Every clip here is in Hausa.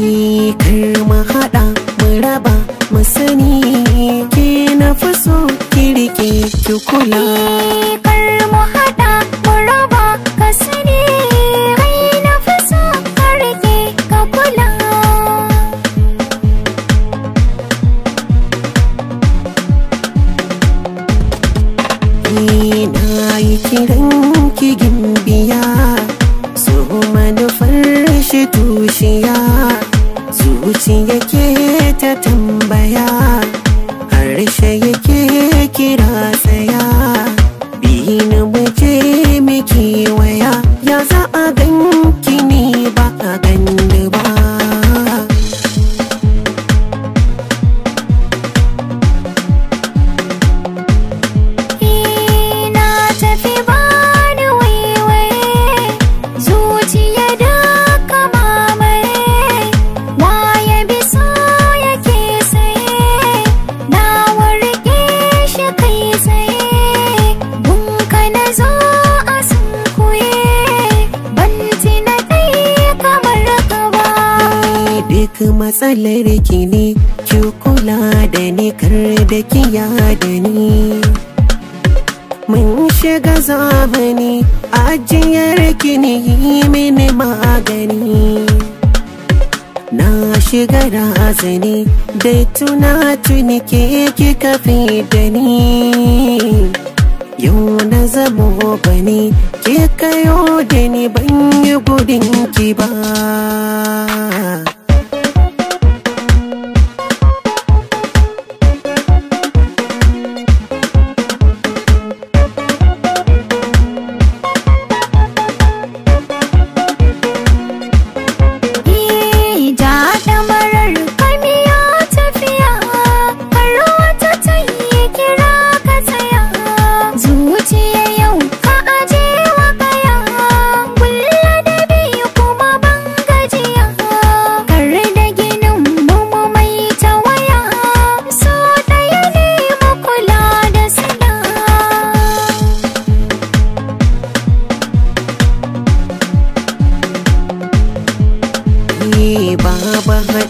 Ni kar mu haɗa mu raba mu sani ke na fi so ki rike ki kula. Ni kar mu haɗa mu raba ka na fi so ka rike ka kula. Ni na yi kiran ki gina. assim é que duk matsalar ki ne ki kula da ni kar da ki da ni mun shiga zamani ajiyar ki ne yi mini magani na shiga razani dai tuna tuni ke ki fi da ni yau na zamo bane ke kayo da ni ban yi gudun ki ba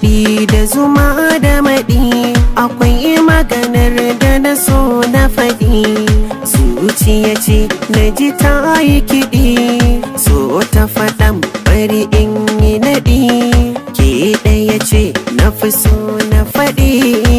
zafi da zuma da maɗi akwai maganar da na so na faɗi zuciya ce na ji ta yi kiɗi so ta faɗan bari in yi naɗi ke ɗaya ce na fi so na faɗi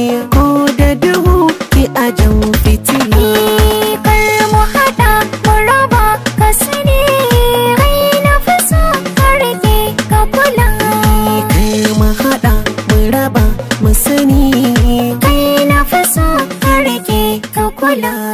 love.